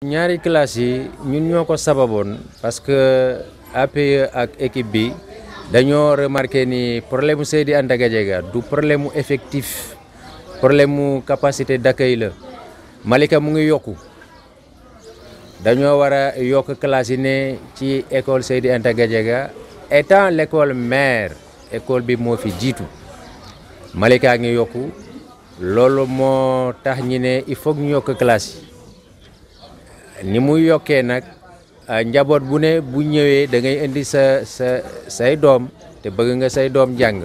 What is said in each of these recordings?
Nyari kelas yi ñun kos sababon, pas ke api ak ekib. bi dañoo remarqué ni problème saya di ànd du problème effectif problème mu capacité d' accueil Malika mu yoku. yokku dañoo yoku kelas yokk classe ekol saya di ànd étant l' école mère école bi moo fi jiitu Malika ngi yoku, lolo moo tax ñu ne kelas faut ni muy yokkee nag njaboot bu ne bu ñëwee da ngay indi sa sa say doom bëgg nga say doom jàng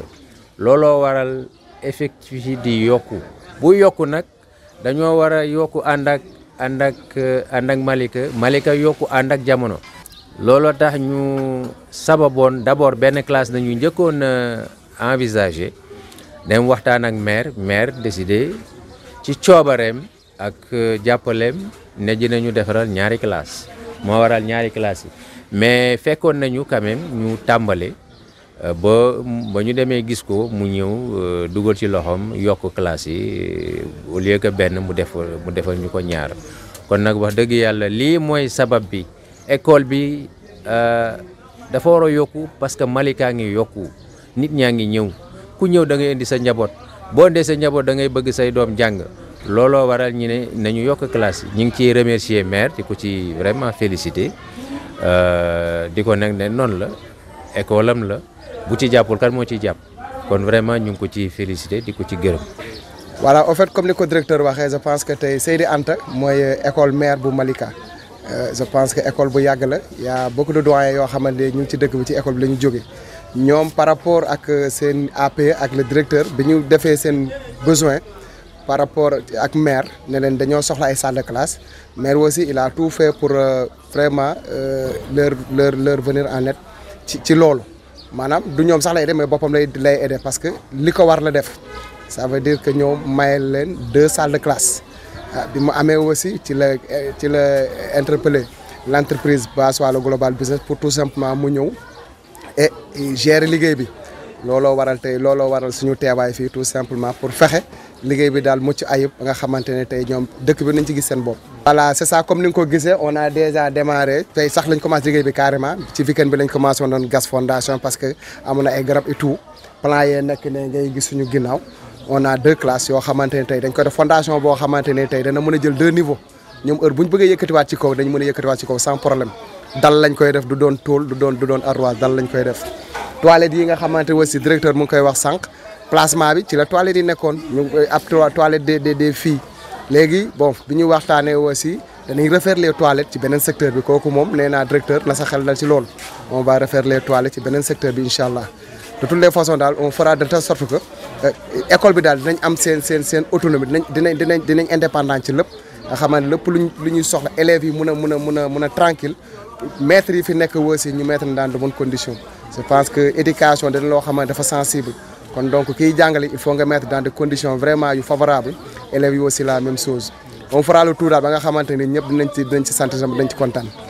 looloo waral effectif di yokku bu yokku nag dañoo wara a yokku ànd ak ànd eh, malika malika yokku ànd eh, ak eh, jamono looloo tax ñu sababoon d' abord benn classe na ñu njëkkoon a envisager dem waxtaan ak maire maire décidé ci coobareem ak jàppaleem ne dinañu defaral ñaari classe moo waral ñaari classe yi mais fekkoon nañu quand ñu tàmbale euh, ba ba ñu demee gis ko mu ñëw euh, dugal ci loxoom yokk classe yi euh, au lieu que benn mu def mu defal ñu ko ñaar kon nag wax dëgg yàlla lii mooy sabab bi école bi dafa war a yokk parce que Malika ngi yokku nit ñaa ngi ñëw ku ñëw da ngay indi sa njaboot boo indee sa njaboot da ngay bëgg say doom jàng looloo waral ñu ne nañu yokk classe yi ñu ngi ciy remercier maire di ko ci vraiment féliciter euh, di ko nag ne noonu la école am la bu ci jàppul kan moo ciy jàpp kon vraiment ñu ngi ko ci féliciter di ko ci gërëm. voilà en fait comme ni ko directeur waxee je pense que tey Seydi Anta mooy école maire bu Malika euh, je pense que école bu yàgg la yaa a beaucoup de doyens yoo xamante ne ñu ngi ci dëkk bi ci école bi la ñu jógee ñoom par rapport ak seen AP e ak le directeur bi ñu defee seen besoin. par rapport ak maire ne leen dañoo soxla ay salle de classe maire aussi il a tout fait pour euh, vraiment euh, leur leur leur venir en aide ci ci loolu maanaam du ñoom sax lay def mais lay lay aider parce que li ko war la def ça veut dire que nous, mayel leen deux salles de classe ah, bi mu amee aussi ci la ci la interpeller l'entreprise, entreprise Basse Global Business pour tout simplement mu ñëw et gérer liggéey bi looloo waral tey lolo waral suñu teewaay fii tout simplement pour faire. liggéey bi daal mucc ayib nga xamante ne tey ñoom dëkk bi nañ ci gis seen bopp. c'est ça comme ni nga ko gisee on a déjà démarré tey sax lañ commencé liggéey bi carrément ci weekend bi lañ commencé woon doon gas fondation parce que amoon na et tout plan yee nekk ne ngay gis suñu ginnaaw on a deux classes yoo xamante ne tey dañ ko def fondation boo xamante ne tey dana mën a jël deux niveaux ñoom heure bu ñu bëggee yëkkatiwaat ci kaw dañ mën a yëkkatiwaat ci kaw sans problème dal lañ koy def du doon doon du doon arroise dal koy def nga xamante aussi directeur mu ngi koy wax sànq placement bi ci la toilette yi nekkone ñu ab toilette des des des filles légui bon biñu waxtané aussi dañuy refaire les toilettes ci benen secteur bi koku mom néna directeur la sa xel dal ci lool on va refaire les toilettes ci benen secteur bi Inshallah. de toutes les façons dal on fera de telle sorte que euh, école bi dal dinañ am sen sen sen autonomie dinañ dinañ dinañ dinañ indépendant ci lepp nga lepp ne lépp luñ lu soxla élèves yi mëna mëna mëna mëna tranquille maître yi fi nekk aussi ñu mettre dans de bonnes conditions je pense que éducation dañ lo xamante dafa sensible kon donc kiy jàngale il faut nga mettre dans des conditions vraiment yu favorables élèves yi aussi la même chose on fera le tour daal ba nga xamante ni ñëpp dinañ ci dinañ ci sant dinañ ci kontaan.